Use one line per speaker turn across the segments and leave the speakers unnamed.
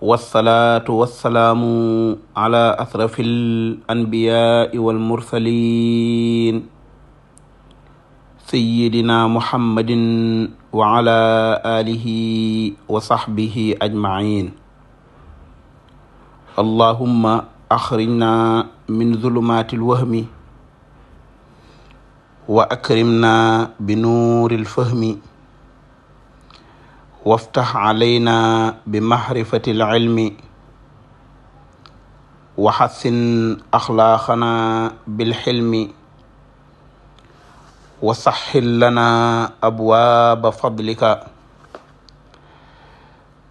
wasalaatu wasalaamu ala asrafil anbiyaai wal mursalin sayidina muhammadin wa ala alihi wa sahbihi ajmain allahumma axrijna min zulumaati lwahmi wa akrimna bi nuuri lfahmi waftax calayna bi maxrifati alcilmi wa xassin axlaaqana bilxilmi wa saxxil lana abwaaba fadlika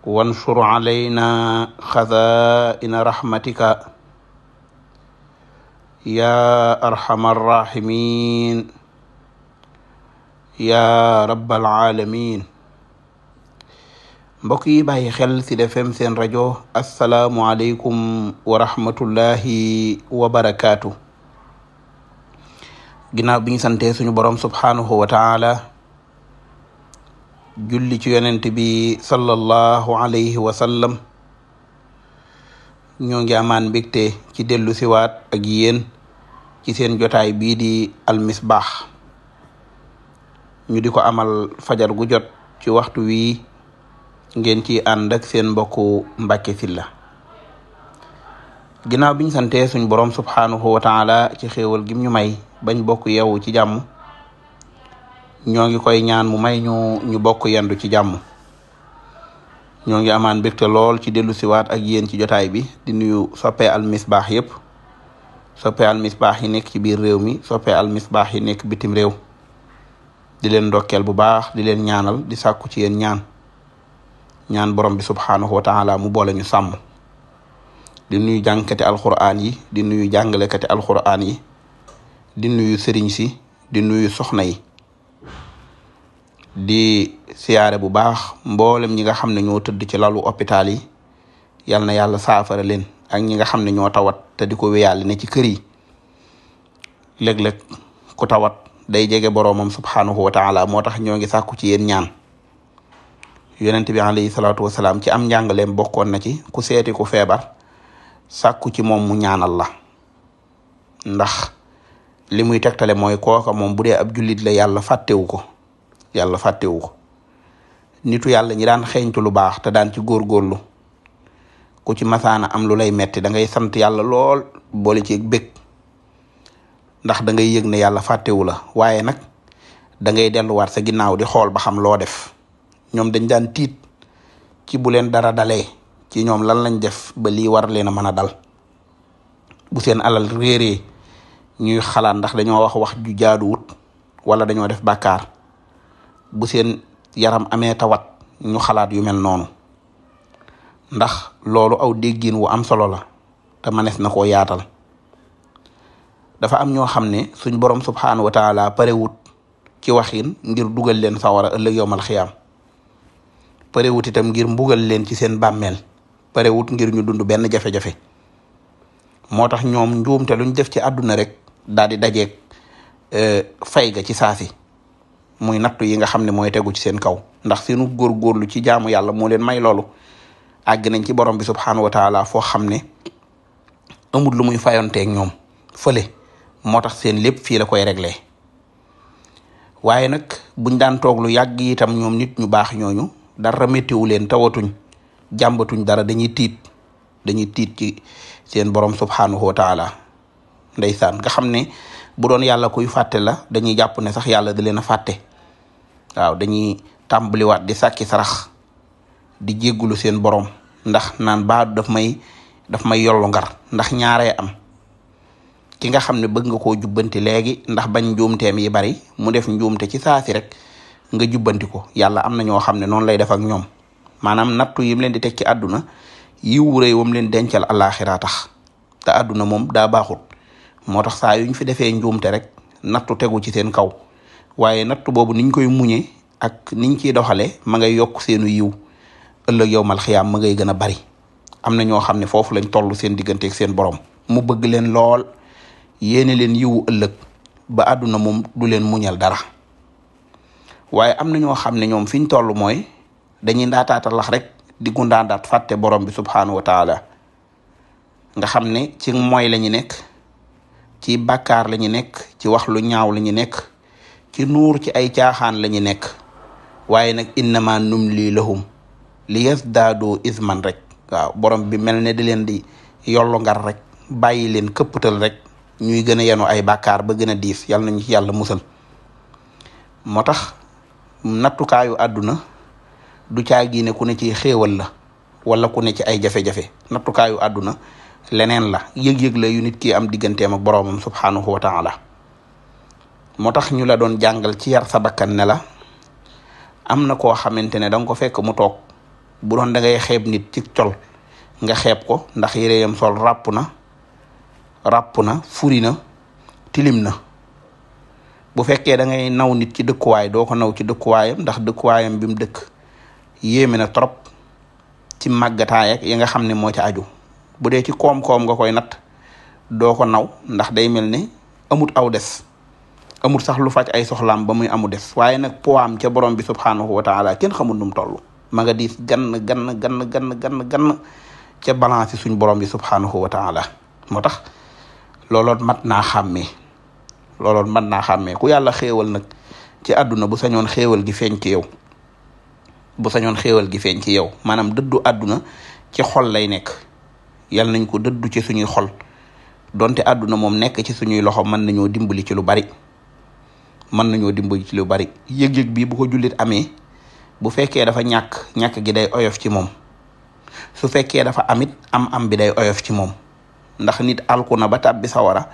wansur calayna xazaa'ina raxmatika yaa arxama arraximin yaa rabbal caalamiin mbokk yi bàyyi xel ci seen rajo asalaamualeykum wa rahmatullahi wa barakaatu. ginnaaw bi santee suñu borom subhaanahu wa julli ci yonent bi sallallahu alayhi wa sallam ngi amaan mbégte ci dellu siwaat ak yéen ci seen jotaay bii di almisbaax ñu di ko amal fajar gu jot ci waxtu wii ngeen ci ànd seen mbokku Mbacke Sylla ginnaaw biñ sante suñ borom subhanahu wa taala ci xéewal gim ñu may bañ bokk yewu ci jàmm ñoo ngi koy ñaan mu may ñu ñu bokk yendu ci jàmm ñoo ngi amaan mbégte lool ci dellu siwaat ak yéen ci jotaay bi di nuyu soppee al misbaax yépp soppe al misbaax yi nekk ci biir réew mi soppee al misbaax yi nekk bitim réew di leen ndokkeel bu baax di leen ñaanal di sàkku ci yéen ñaan ñaan borom bi subhaanahu wa taala mu boole ñu sàmm di nuyu jàngkati alxuraan yi di nuyu jàngalekati alxuraan yi di nuyu sëriñ si di nuyu soxna yi di siyaare bu baax mboolem ñi nga xam ne ñoo tëdd ci lalu hôpital yi yal na yàlla saafara leen ak ñi nga xam ne ñoo tawat te di ko wéyaale ne ci kër yi léeg-léeg ku tawat day jege boroomam subhaanahu wa taala moo tax ñoo ngi sàkku ci yéen ñaan yonent bi alayhi salaatu wasalaam ci am njàngaleem bokkoon na ci ku seeti ku feebar sàkku ci moom mu ñaanal la ndax li muy tegtale mooy kooka moom bu dee ab jullit la yàlla fàttewu ko yàlla fàttewu ko nitu yàlla ñi daan xeeñtu lu baax te daan ci góorgóorlu ku ci masaana am lu lay metti da ngay sant yàlla lool boole ci bég ndax dangay ngay yëg ne yàlla fàttewu la waaye nag dangay ngay delluwaat sa ginnaaw di xool ba xam loo def ñoom dañ daan tiit ci bu leen dara dalee ci ñoom lan lañ def ba lii war leen a mën a dal bu seen alal réeree ñuy xalaat ndax dañoo wax wax ju jaaduwut wala dañoo def bàkkaar bu seen yaram amee tawat ñu xalaat yu mel noonu ndax loolu aw déggin wu am solo la te manees na ko yaatal dafa am ñoo xam ne suñ borom subxanahu wa taala parewut ci waxin ngir dugal leen sawara ëllëg yowmal parewut itam ngir mbugal leen ci seen bàmmeel parewut ngir ñu dund benn jafe-jafe moo tax ñoom njuumte luñ def ci àdduna rek daal di dajeeg euh, fay ga ci saasi muy nattu yi nga xam ne mooy tegu ci seen kaw ndax seenu góorgóorlu ci jaamu yàlla moo leen may loolu àgg nañ ci borom bi subxanahu foo xam ne amul lu muy fayonteeg ñoom fële moo tax seen lépp fii la koy regle waaye nag buñ daan toog lu yàgg itam ñoom nit ñu baax ñooñu dara méttiwu leen tawatuñ jàmbatuñ dara dañuy tiit dañuy tiit ci seen borom subhanahu wa taala ndeysaan nga xam ne bu doon yàlla kuy fàtte la dañuy jàpp ne sax yàlla da leen a fàtte waaw dañuy tàmbaliwaat di sàkki sarax di jéggulu seen borom ndax naan baadu daf may daf may yollu ngar ndax ñaare am ki nga xam ne bëgg nga koo jubbanti léegi ndax bañ njuumteem yi bari mu def njuumte ci saasi rek nga jubbanti ko yàlla am na ñoo xam ne noonu lay def ak ñoom maanam nattu yim leen di teg ci àdduna yiw réy wam leen dencal àllaaxira tax te àdduna moom daa baaxul moo tax saa yuñ fi defee njuumte rek nattu tegu ci seen kaw waaye nattu boobu niñ koy muñee ak niñ ciy doxalee ma ngay yokk seenu yiw ëllëg yow mal xiyaam ma ngay gën a bari am na ñoo xam ne foofu lañ toll seen digganteek seen borom mu bëgg leen lool yéene leen yiwu ëllëg ba àdduna moom du leen muñal dara waaye am na ñoo xam ne ñoom fi ñu toll mooy dañuy ndaataata lax rek di gundaandaat fàtte borom bi subhaanahu wa taala nga xam ne ci mooy la nekk ci bàkkaar la nekk ci wax lu ñaaw la ñu nekk ci nuur ci ay caaxaan la nekk waaye nag innama numli lahum li yasdaadu isman rek waaw borom bi mel ne di leen di yollu ngar rek bàyyi leen këpputal rek ñuy gën a yenu ay bàkkaar ba gëna diif diis yàlla nañu ci yàlla musal moo tax nattukaayu àdduna du caagi ne ku ne ci xéewal la wala ku ne ci ay jafe-jafe nattukaayu àdduna leneen la yëg yég la yu nit ki am digganteem ak boroomam subhaanahu wa taala moo tax ñu la doon jàngal ci yar sa bakkan la am na koo xamante ne danga ko fekk mu toog bu doon da ngay xeeb nit ci col nga xeeb ko ndax yam sol ràpp na ràpp na furi na tilim na bu fekkee da ngay naw nit ci dëkkuwaay doo ko naw ci dëkkuwaayam ndax dëkkuwaayam bi mu dëkk yéeme na trop ci màggataay ak yi nga xam ne moo ci aju bu dee ci koom-koom nga koy nat doo ko naw ndax day mel ne amut aw des amut sax lu faj ay soxlaam ba muy amu des waaye nag poam ca borom bi subhaanahu wa taala kenn xamul nu mu toll ma nga diis gann gann gann gann ca balance suñ borom bi subhaanahu wa taala moo tax looloot mat naa xàmmee looloon mën naa xàmmee ku yàlla xéewal nag ci àdduna bu sañoon xéewal gi feeñ ci yow bu sañoon xéewal gi feeñ ci yow maanaam dëddu àdduna ci xol lay nekk yal nañ ko dëddu ci suñuy xol donte àdduna moom nekk ci suñuy loxo mën nañoo dimbali ci lu bari mën nañoo dimbali ci lu bari yëg-yëg bi bu ko jullit amee bu fekkee dafa ñàkk ñàkk gi day oyof ci moom su fekkee dafa amit am am bi day oyof ci moom ndax nit alku na ba tàbbi sawara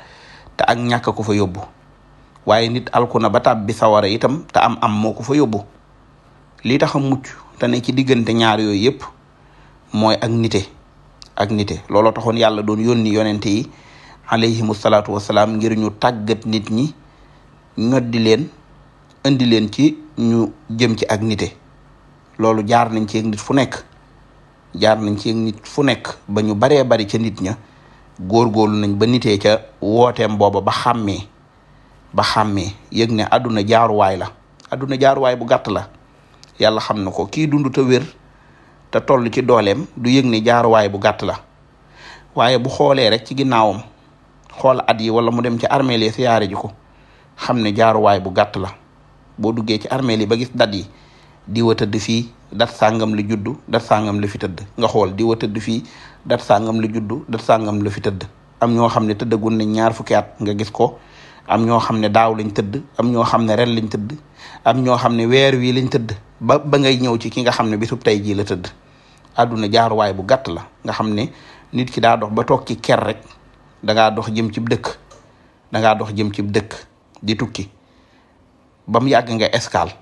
te ak ñàkk ko fa yóbbu waaye nit alku na ba tàbbi sawara itam te am am moo ko fa yóbbu li tax a mucc te ne ci diggante ñaar yooyu yépp mooy ak nite ak nite looloo taxoon yàlla doon yónni yonente yi alayhimu salaatu wasalaam ngir ñu tàggat nit ñi ñoddi leen indi leen ci ñu jëm ci ak loolu jaar nañ ci nit fu nekk jaar nañ ci nit fu nekk ba ñu baree bari ca nit ña góor góorgóorlu nañ ba nitee ca wooteem booba ba xàmmee ba xàmmee yëg ne àdduna jaaruwaay la àdduna jaaruwaay bu gàtt la yàlla xam na ko kii dundu te wér te toll ci dooleem du yëg ne jaaruwaay bu gàtt la waaye bu xoolee rek ci ginnaawam xool at yi wala mu dem ci armeel si siyaare ji ko xam ne jaaruwaay bu gàtt la boo duggee ci armeel yi ba gis dat yi di wa tëdd fii dat sàngam li juddu dat sàngam li fi tëdd nga xool di tëdd fii dat sàngam lu juddu dat sàngam la fi tëdd am ñoo xam ne tëddagun nañ ñaar fukki at nga gis ko am ñoo xam ne daaw lañ tëdd am ñoo xam ne ren lañ tëdd am ñoo xam ne weer wii lañ tëdd ba ba ngay ñëw ci ki nga xam ne bisub tey jii la tëdd àdduna jaaruwaay bu gàtt la nga xam ne nit ki daa dox ba toog ci ker rek dangaa dox jëm ci dëkk dangaa dox jëm ci dëkk di tukki ba mu yàgg nga escale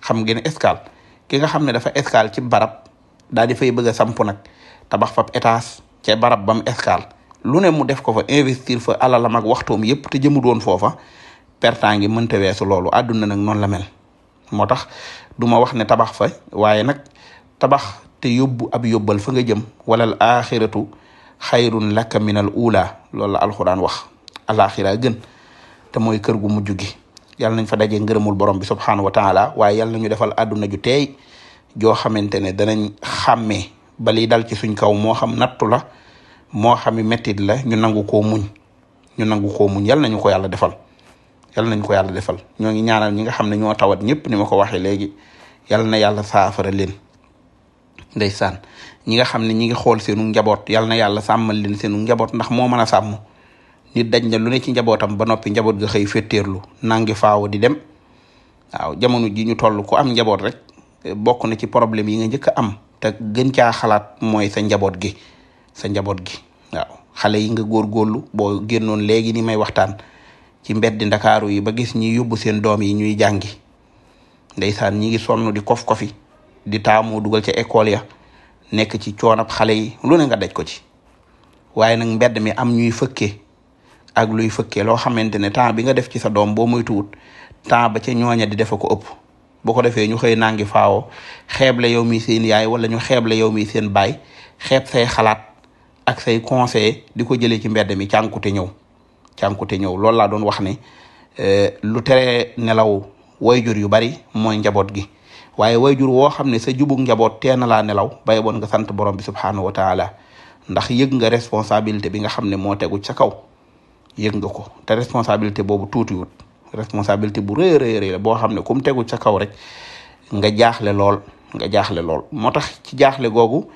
xam ngeen escale ki nga xam ne dafa escale ci barab daal di bëgga bëgg nag tabax fab étage ca barab bam escale lu ne mu def ko fa investir fa alalam ak waxtoom yépp te jëmu doon foofa pertan ngi mënta weesu loolu àdduna nag noonu la mel moo tax du ma wax ne tabax fa waaye nag tabax te yóbbu ab yobbal fa nga jëm walal axiratu xayrun laka minal ula loolu la alxuraan wax alaxira gën te mooy kër gu mujj gi yàlla nañ fa dajee ngërëmul borom bi subxanahu wa taala waaye yàlla nañu defal àdduna ju teey joo xamante ne danañ xàmmee ba li dal ci suñ kaw moo xam nattu la moo xami mettit la ñu nangu ko muñ ñu nangu ko muñ yal nañu ko yàlla defal yal nañu ko yàlla defal ñoo ngi ñaanal ñi nga xam ne ñoo tawat ñëpp ni ma ko waxee léegi yal na yàlla saafara leen ndeysaan ñi nga xam ne ñi ngi xool seenu njaboot yal na yàlla sàmmal leen seenu njaboot ndax moo mën a sàmm ñu dañ na lu ne ci njabootam ba noppi njaboot ga xëy féttéerlu nangi faaw di dem waaw jamono ji ñu toll ku am njaboot rek bokk na ci problème yi nga njëkk a am te gën caa xalaat mooy sa njaboot gi sa njaboot gi waaw xale yi nga góorgóorlu boo génnoon léegi ni may waxtaan ci mbedd ndakaaru yi ba gis ñi yóbbu seen doom yi ñuy jàngi ndeysaan ñi ngi sonn di kof kofi di taamu dugal ca école ya nekk ci coonab xale yi lu ne nga daj ko ci waaye nag mbedd mi am ñuy fëkkee ak luy fëkke loo xamante ne temps bi nga def ci sa doom boo moytuwut temps ba ca ñooña di defa ko ëpp boo ko defee ñu xëy nangi faawo xeeble yow mi seen yaay wala ñu xeeble yow mi seen baay xeeb say xalaat ak say conseil di ko jëlee ci mbedd mi cànkute ñëw cànkute ñëw loolu laa doon wax ne eh, lu tere nelaw way jur yu bari mooy njaboot gi waaye jur woo xam ne sa jubug njaboot tee na laa nelaw bay boon nga sant borom bi subhanahu wa taala ndax yëg nga responsabilité bi nga xam ne moo tegu ca kaw yëg nga ko te responsabilité boobu tuutiwut responsabilité bu rëy rëy boo xam ne ku tegu ca kaw rek nga jaaxle lool nga jaaxle lool moo tax ci jaaxle googu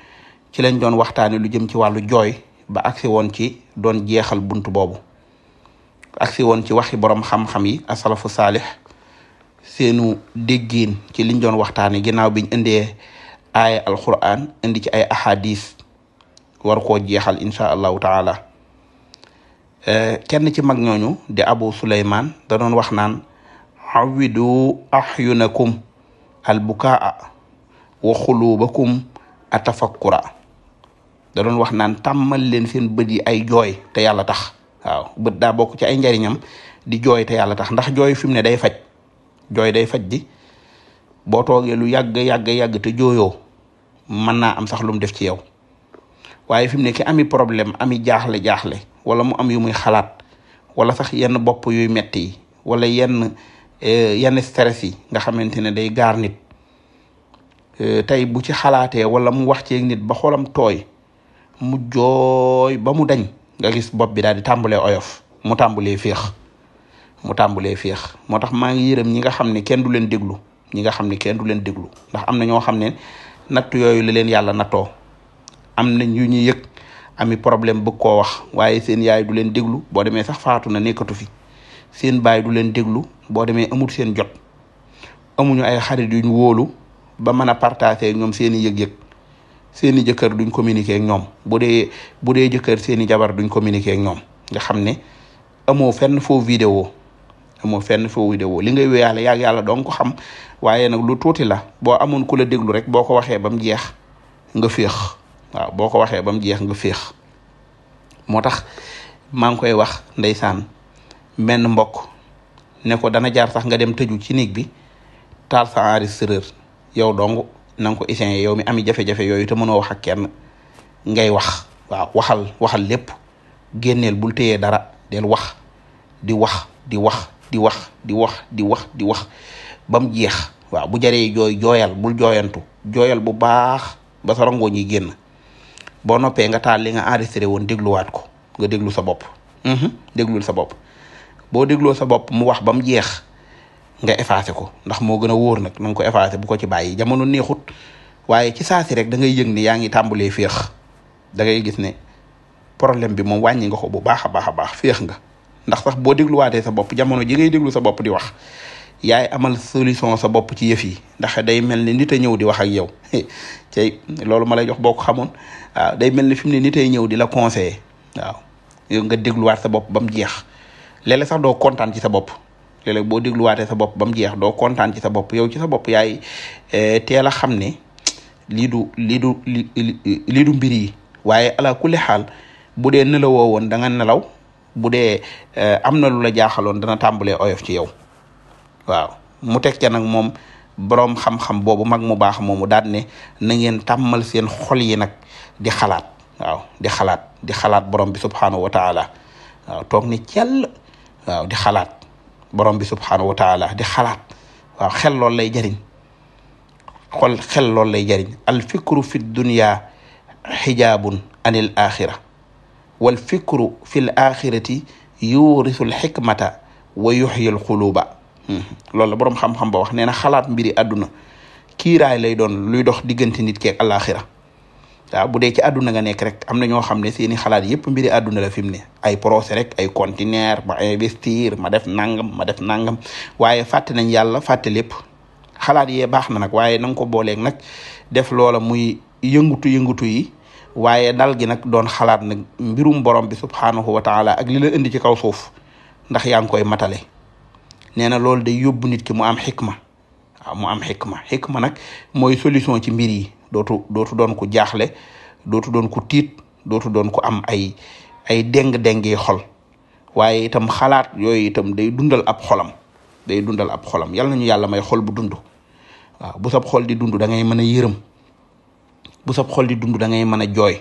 ci lañ doon waxtaane lu jëm ci wàllu jooy ba agsi woon ci doon jeexal bunt boobu agsi woon ci waxi borom xam-xam yi asalafu saalix seenu déggiin ci liñ doon waxtaane ginnaaw biñ indee aaya alquran indi ci ay ahadis war koo jeexal incha allahu taala Eh, kenn ci mag ñooñu di abu suleyman da doon wax naan awidu ahyunakum albukaa wa xuluubakum atafakkura da doon wax naan tàmmal leen seen bët yi ay jooy te yàlla tax waaw bët daa bokk ci ay njariñam di jooy te yàlla tax ndax jooy fi mu ne day faj jooy day faj ji boo toogee lu yàgg yàgg yàgg te jooyoo mën naa am sax lu mu def ci yow waaye fi mu ne ki ami problème ami jaaxle jaaxle wala mu am yu muy xalaat wala sax yenn bopp yuy metti yi wala yenn eh, yenn stress yi nga xamante ne day gaar nit eh, tey bu ci xalaatee wala mu wax ceeg nit ba xolam tooy mu jooy ba mu dañ nga gis bopp bi daal di tàmbalee oyof mu tàmbalee féex mu tàmbalee féex moo tax maa ngi yërëm ñi nga xam ne kenn du leen déglu ñi nga xam ne kenn du leen déglu ndax am na ñoo xam ne natt yooyu la leen yàlla nattoo am na ñu ñuy yëg ami problème bëgg koo wax waaye seen yaay du leen déglu boo demee sax faatu na nekkatu fi seen baay du leen déglu boo demee amul seen jot amuñu ay xarit yuñ wóolu ba mën a partager ñoom seen i yëg-yëg seen i jëkkër duñ communiquer ak ñoom bu dee bu dee jëkkër seen i jabar duñ communiquer ak ñoom nga xam ne amoo fenn foo vidéo amoo fenn foo vidéo li ngay wéyaale yaag yàlla dong xam waaye nag lu tuuti la boo amoon ku la déglu rek boo ko waxee ba mu jeex nga féex waaw boo ko waxee ba mu jeex nga féex moo tax maa ngi koy wax ndeysaan menn mbokk ne ko dana jaar sax nga dem tëju ci néeg bi taal sa enregistreur yow dong na nga ko essayé yow mi ami jafe-jafe yooyu te mënoo wax ak kenn ngay wax waaw waxal lépp génneel bul téyee dara del wax di wax di wax di wax di wax di wax di wax ba mu jeex waaw bu jaree jooy jooyal bul jooyantu jooyal bu baax ba sa rangoo ñi génn boo noppee nga taal li nga enregistré woon dégluwaat ko nga déglu sa bopp mhm, déglul sa bopp boo dégloo sa bopp mu wax ba mu jeex nga effacé ko ndax moo gën a wóor nag na ko effacé bu ko ci bàyyi jamono neexut waaye ci saasi rek da ngay yëg ni yaa ngi tàmbalee féex da ngay gis ne problème bi moom wàññi nga ko bu baax a baax a baax féex nga ndax sax boo dégluwaatee sa bopp jamono ji ngay déglu sa bopp di wax yaay amal solution sa bopp ci yëf yi ndax day mel ni nit a ñëw di wax ak yow cey loolu ma lay jox boo xamoon waaw day mel ni fi mu ne nit ay ñëw di la conseiller waaw yow nga dégluwaat sa bopp ba mu jeex léeg-léeg sax doo kontaan ci sa bopp léeg boo dégluwaatee sa bopp ba mu jeex doo kontaan ci sa bopp yow ci sa bopp yaay eh, teel a xam ne lii du lii du lii mbir yi waaye ala kulli xaal bu dee nelawoo woon da nga nelaw bu dee eh, am na lu la jaaxaloon dana tàmbalee oyof ci yow. waaw mu teg ca nag moom boroom xam-xam boobu mag mu baax moomu daan ne na ngeen tàmmal seen xol yi nag di xalaat di xalaat di xalaat borom bi subhaanahu wa taala toog ne cell di xalaat borom bi subhaanahu wa di xalaat xel loolu lay jariñ xol xel loolu lay jariñ al fikru fi dunya xijaabun anil axira wal fi axirati yurisu xikmata wa yuxyi xuluba Mm-hmm. loolu la boroom xam-xam ba wax nee na xalaat mbiri àdduna kiiraay lay doon luy dox diggante nit keeg àllaaxira waaw bu dee ci àdduna nga nekk rek am na ñoo xam ne seeni xalaat yépp mbiri àdduna la fi mu ne ay projet rek ay conteneur ma investir ma def nangam ma def nangam waaye fàtte nañ yàlla fàtte lépp xalaat yee baax na nag waaye na nga ko booleeg nag def loola muy yëngutu yëngutu yi waaye dal gi nag doon xalaat nag mbirum borom bi subhaanahu wa taala ak li la indi ci kaw suuf ndax yaa ngi koy matale nee na loolu day yóbbu nit ki mu am xikma waaw mu am xikma xikma nag mooy solution ci mbir yi dootu dootu doon ku jaaxle dootu doon ku tiit dootu doon ku am ay ay déng-déng xol waaye itam xalaat yooyu itam day dundal ab xolam day dundal ab xolam yal nañu yàlla may xol bu dund waaw bu sab xol di dund dangay ngay mën a yërëm bu sab xol di dund da ngay mën a jooy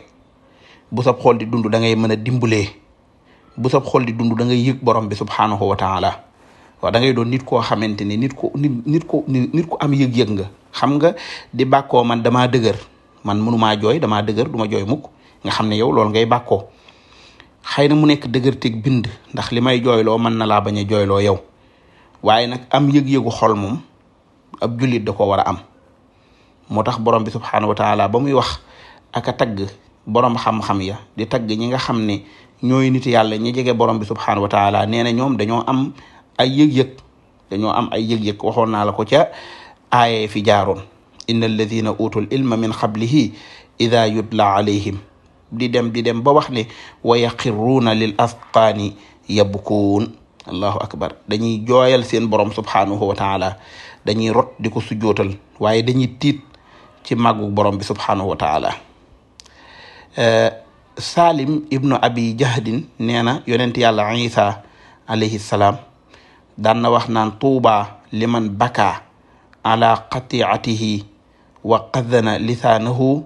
bu sab xol di dund dangay ngay mën a dimbalee bu sab xol di dund da ngay yëg borom bi subhaanahu wa taala waaw da ngay doon nit koo xamante ni nit ko nit nit ku nit ku am yëg-yëg nga xam nga di bàkkoo man damaa dëgër man mënumaa jooy damaa dëgër du ma jooy mukk nga xam ne yow loolu ngay bàkkoo xëy na mu nekk dëgërteg bind ndax li may jooyloo mën na laa bañ a jooyloo yow waaye nag am yëg-yëgu xol moom ab jullit da ko war a am moo tax borom bi subxanahu wa ba muy wax ak tagg borom xam-xam ya di tagg ñi nga xam ne ñooy nit yàlla ñi jege borom bi subxanahu wa nee na ñoom dañoo am. ay yëg-yëg dañoo am ay yëg naa la ko ca aaya fi jaaroon inna alladina utul ilma min qablihi ida yutla alayhim di dem di dem ba wax ne wa yaqiruuna lil asqaani yabkuun allahu akbar dañuy jooyal seen borom subhaanahu wa taala dañuy rot di ko sujjootal waaye dañuy tiit ci màggu borom bi subhaanahu wa taala eh, Salim ibnu abi jahdin nee na yonent yàlla isa alayhi salaam daan na wax naan tuuba liman baka ala qatiatihi wa qadana lisaanahu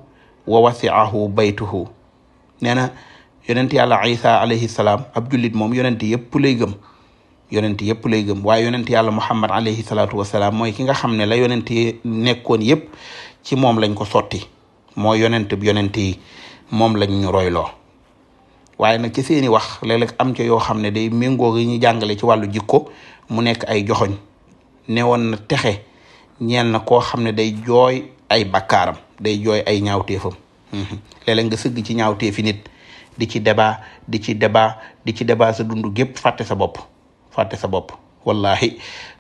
wa wasiahu baytuhu nee na yonent yàlla isa alayhi salaam ab jullit moom yonent yëpp lay gëm yonent yëpp lay gëm waaye yonent yàlla muhammad alayhi salaatu wasalaam mooy ki nga xam ne la yonent yi nekkoon yëpp ci moom lañ ko sotti moo yonent bi yonent yi moom lañ ñu waaye nag ci seeni wax léeg-léeg am ca yoo xam ne day méngoo gi ñu jàngale ci wàllu jikko mu nekk ay joxoñ newoon na texe ñeel na koo xam ne day jooy ay bakkaaram day jooy ay ñaawteefam mhm. léeg-léeg nga sëgg ci ñaawteefi nit di ci débat di ci débat di ci débat sa dund gépp fàtte sa bopp fàtte sa bopp wallahi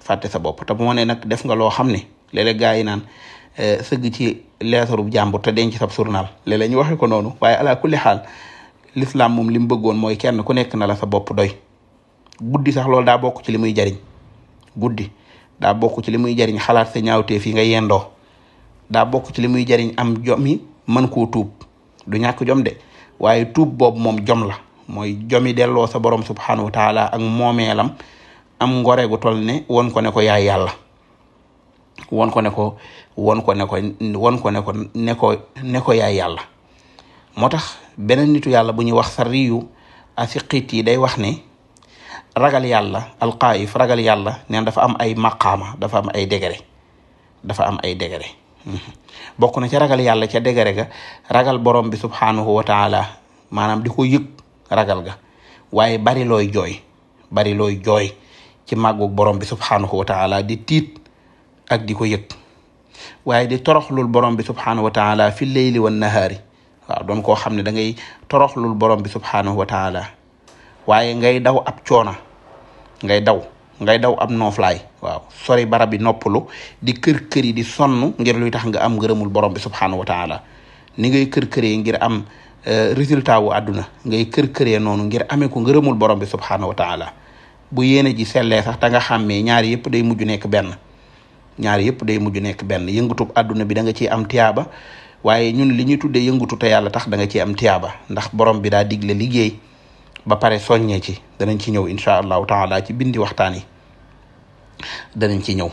fàtte sa bopp te moo ne def nga loo xam ne léeg-léeg gaa yi naan eh, sëgg ci leetarub jàmbur te denc sab journal léeg-léeg ñu waxe ko noonu waaye ala kulli xaal l'islam moom li mu bëggoon mooy kenn ku nekk na la sa bopp doy guddi sax loolu daa bokk ci li muy jariñ guddi daa bokk ci li muy jariñ xalaat sa ñaawte yi nga yendoo daa bokk ci li muy jariñ am jomi mën koo tuub du ñàkk jom de waaye tuub boobu moom jom la mooy jomi delloo sa borom subhanahu wa taala ak moomeelam am ngore gu toll ne won ko ne ko yaay yàlla won ko ne ko won ko ne won ko ne ko yaay yàlla moo tax beneen nitu yàlla bu ñuy wax sa riyu asiqit yi day wax ne ragal yàlla alxaayif ragal yàlla neen dafa am ay maqaama dafa am ay degré dafa am ay degré mhm. bokk na ca ragal yàlla ca degré ga ragal borom bi subhaanahu wa taala maanaam di ko yëg ragal ga waaye bari looy jooy bari looy jooy ci màggu borom bi subhaanahu wa taala di tiit ak di ko yëg waaye di toroxlul borom bi subhaanahu wa taala fi leyli wan nahaari waaw doon koo xam ne da ngay toroxlul borom bi subhaanahu wa waaye ngay daw ab coona ngay daw ngay daw ab nooflaay waaw sori barab yi noppalu di kër kër yi di sonn ngir luy tax nga am ngërëmul borom bi subxanahu wa taala ni ngay kër kër yi ngir am euh, résultat wu àdduna ngay kër këree noonu ngir amee ko ngërëmul borom bi subxanahu wa taala bu yéene ji sellee sax te nga xàmmee ñaari yëpp day mujj nekk benn. ñaari yëpp day mujj nekk benn yëngutub àdduna bi da nga ci am tiyaaba waaye ñun li ñuy tuddee yëngutu te yàlla tax da nga ciy am tiyaaba ndax borom bi daa digle liggéey. ba pare soññee ci danañ ci ñëw incha allahu taala ci bindi waxtaan yi danañ ci ñëw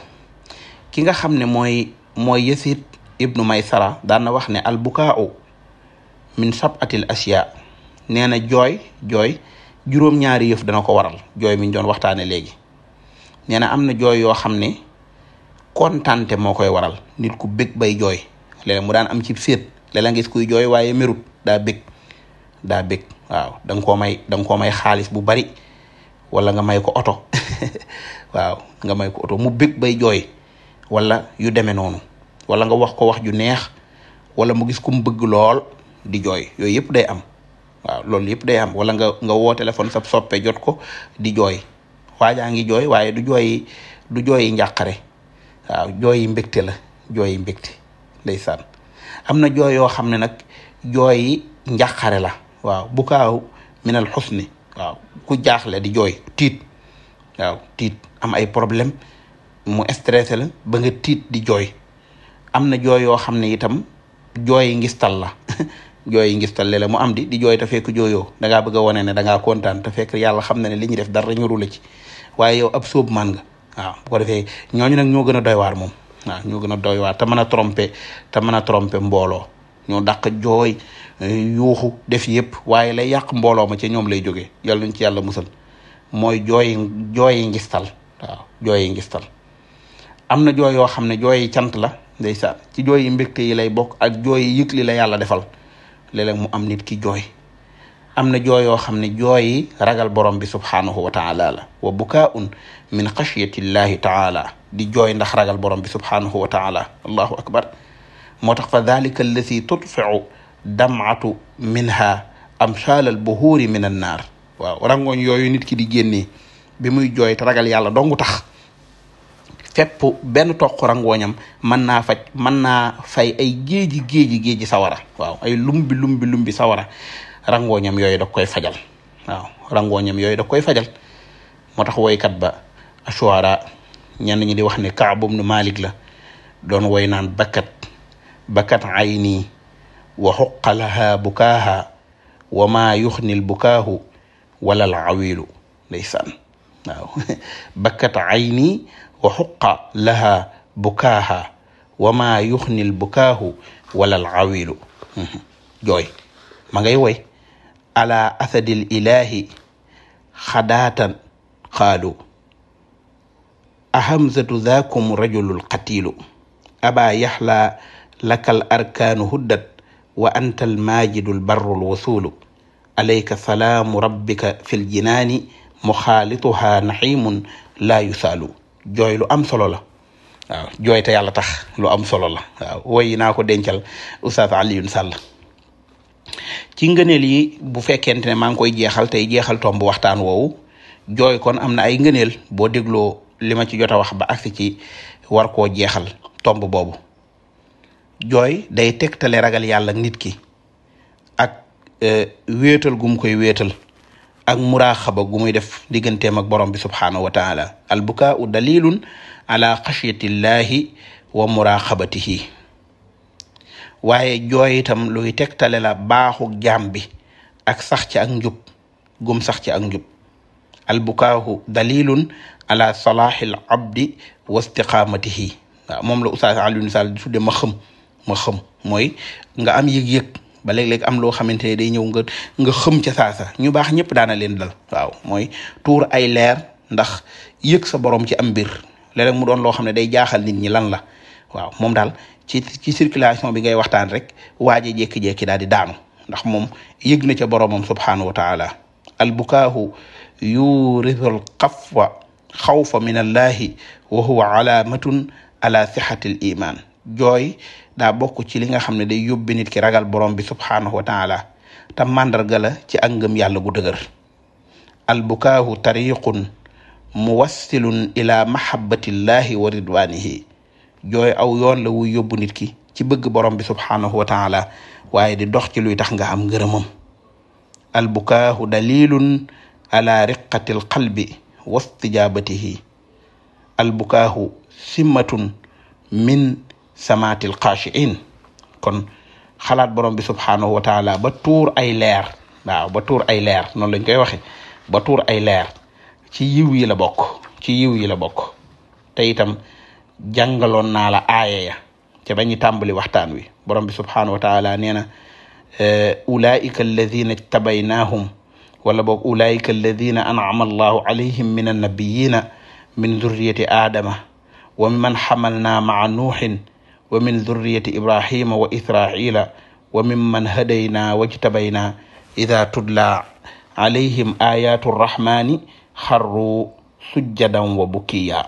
ki nga xam ne mooy mooy Yasid ibnu may sara na wax ne al bukaau min sabatil asiya nee na jooy jooy juróom-ñaari yëf dana ko waral jooy mi ñu doon waxtaane léegi nee am na jooy yoo xam ne kontante moo koy waral nit ku bég bay jooy léeg mu daan am ci séet léeg gis kuy jooy waaye merut daa bég daa waaw da nga koo may da koo may xaalis bu bari wala nga may ko oto waaw nga may ko oto mu bég bay jooy wala yu demee noonu wala nga wax ko wax ju neex wala mu gis ku mu bëgg lool di jooy yooyu yëpp day am waaw loolu yëpp day am wala nga nga woo téléphone sab soppe jot ko di jooy waajaa ngi jooy waaye du jooy du jooyi njàqare waaw jooyi mbégte la jooyi mbégte saan am na jooy yoo xam ne nag jooyi njàqare la waaw bukaaw minal xusni waaw ku jaaxle di jooy tiit waaw tiit am ay problème mu stressé la ba nga tiit di jooy am na jooy yoo xam ne itam jooyi ngistal la jooyi ngistal le la mu am di di jooy te fekk jooyoo da ngaa bëgg a ne da ngaa kontaan te fekk yàlla xam na ne li ñuy def dara ñuru la ci waaye yow ab sóob man nga waaw bu defee ñooñu nag ñoo gën a doy waar moom waaw ñoo gën a doy waar te mën a trompé te mën a trompé mbooloo jooy Eh, yuuxu def yëpp waaye lay yàq mbooloo ma ca ñoom lay jógee yàlla nañ ci yàlla musal mooy jooyi jooyi ngistal jooyi ngistal am na jooy yoo xam ne jooyi cant la ndeysaan ci jooyi mbégte yi lay bokk ak jooyi yëg li la yàlla defal léeg-léeg mu am nit ki jooy am na jooy yoo xam ne jooyi ragal borom bi subhaanahu wa taala la wa bukaun min xashyatillahi taala di jooy ndax ragal borom bi subhaanahu wa taala allahu akbar moo tax fa dalika allazi tudfiu damatu minha amsal al buhuri min an naar waaw rangoñ yooyu nit ki di génnee bi muy jooy te ragal yàlla dongu tax fépp benn toq rangooñam mën naa faj mën naa fay ay géeji géeji géeji sawara waaw ay lumbi lumbi lumbi sawara rangooñam yooyu da koy fajal waaw rangooñam yooyu da koy fajal moo tax woykat ba ashuara ñenn ñi di wax ne kaabum nu malik la doon woy naan bakkat bakkat ayni wa xuqa lahaa bukaaha wa maa yuxnil bukaahu wala al awilu ndeysaan waaw bakkat ayni wa xuqa lahaa bukaaha wa maa yuxnil bukaahu wala al awilu mhm. jooy ma ngay woy ala asadil ilahi xadaatan xaalu ahamzatu daakum rajulul qatilu aba yaxla lakal arkaanu huddat wa anta almaajidu albarru alwasulu alayka salaamu rabbika fi ljinaani muxaalituha naxiimun layu yusaalu jooy lu am solo la waaw jooy te yàlla tax lu am solo la waaw woy naa ko dencal Oustaz Alioune Sall ci ngëneel yi bu fekkente ne maa ngi koy jeexal tey jeexal tomb waxtaan woowu jooy kon am na ay ngëneel boo dégloo li ma ci jot a wax ba agsi ci war koo jeexal tomb boobu jooy day tegtale ragal yàlla nit ki ak euh, wéetal gum koy wéetal ak muraaxaba gu muy def digganteem ak borom bi subhaanahu wa taala al bukaau dalilun ala xashiyatillahi wa muraaxabatihi waaye jooy loy luy tegtale la baaxu jaam bi ak sax ci ak njub gum sax ci ak njub al bukaahu dalilun ala salaaxil abdi wa istiqaamatihi waaw moom la Oustaz Alioune Sall di tudde ma xëm ma xëm mooy nga am yëg-yëg ba léeg am loo xamante ne day ñëw nga nga xëm ca saasa ñu baax ñëpp daana leen dal waaw mooy tuur ay leer ndax yëg sa borom ci am mbir léeg mu doon loo xam ne day jaaxal nit ñi lan la waaw moom daal ci ci circulation bi ngay waxtaan rek waaje jékki-jékki daal di daanu ndax moom yëg na ca boromam subhanahu wa taala albukaahu yurisul xafwa xawfa min allahi wa huwa alaamatun ala sixati al iman jooy daa bokk ci li nga xam ne day yóbbe nit ki ragal borom bi subhaanahu wa taala ta màndarga la ci ak ngëm yàlla gu dëgër albukaahu tariqun muwassilun ila mahabbatillahi wa ridwanihi jooy aw yoon la wuy yóbbu nit ki ci bëgg borom bi subhaanahu wa taala waaye di dox ci luy tax nga am ngërëmam albukaahu dalilun ala riqati alqalbi wa albukaahu simmatun min samaatil xaashiin kon xalaat borom bi subhaanahu wa taala ba tuur ay leer waaw ba tuur ay leer noonu lañ koy waxe ba tuur ay leer ci yiw yi la bokk ci yiw yi la bokk te itam jàngaloon naa la aaya ba tàmbali waxtaan wi borom bi subhaanahu wa taala nee na ulaika alladina ijtabaynahum wala boog ulaika alladina an'ama allahu alayhim min annabiyina min zurriyati aadama wa mimman hamalna maa nuuhin wa min dhurriyati ibrahima wa israila wa mimman hadayna wajtabayna ida tudla alayhim ayatu rrahmani xarru sujjadan wa bukiya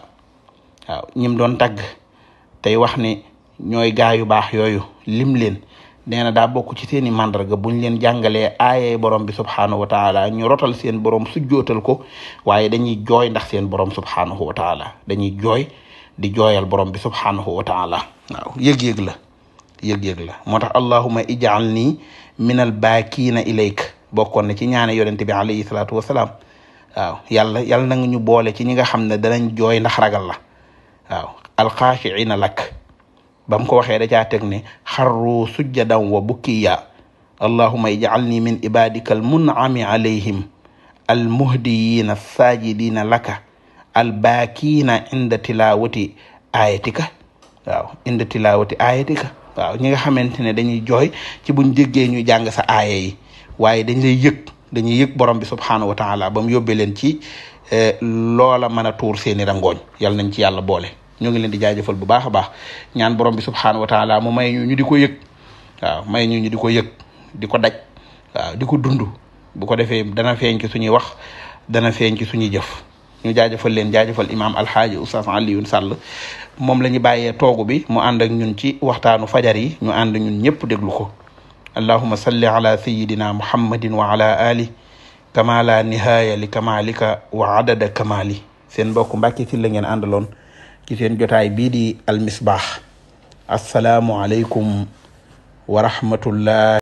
waaw ñim doon tagg tey wax ne ñooy gaayu baax yooyu lim leen nee na daa bokk ci seeni màndarga buñ leen jàngalee aayay borom bi subhaanahu wa taala rotal seen borom sujjootal ko waaye dañuy jooy ndax seen borom subhaanahu wa taala dañuy jooy di jooyal borom bi subhaanahu wa taala waaw yëg-yëg la yëg-yëg la moo tax allahuma ijaal nii minal baakiina ilayk bokkoon na ci ñaane yonente bi alayhi salaatu wasalaam waaw yàlla yàlla na ñu boole ci ñi nga xam ne danañ jooy ndax ragal la waaw alxaashiina lak ba ko waxee da caa teg ne xarru sujjadan wa bukkiya allahuma ij'alni min ibadika almun'ami alayhim almuhdiyina alsaajidina laka albaakiina inda tilawati ayatika waaw inda tilawati ayatika waaw ñi nga xamante ne dañuy jooy ci buñ déggee ñuy jàng sa aaya yi waaye dañ lay yëg dañuy yëg borom bi subhaanahu wa taala ba mu yóbbee leen ci eh, loola mën a tuur seeni rangooñ yal nañ ci yàlla boole ñu ngi leen di jaajëfal bu baax a baax ñaan borom bi subhaanahu wa taala mu may ñu ñu di ko yëg waaw may ñu ñu di ko yëg di ko daj waaw di ko dund bu ko defee dana feeñ suñuy wax dana feeñ ci suñuy jëf ñu jaajëfal leen jaajëfal imaam alxaaji oustaz Alioune Sall moom la ñu bàyyee toogu bi mu ànd ak ñun ci waxtaanu fajar yi ñu ànd ñun ñëpp déglu ko allahuma salli ala sayidina muhammadin wa ala ali kama la nihaaya li kamalika wa adada kamali seen mbokk Mbàkke Sylla ngeen àndaloon ci seen jotaay bii di almisbaax asalaamualeykum wa rahmatullah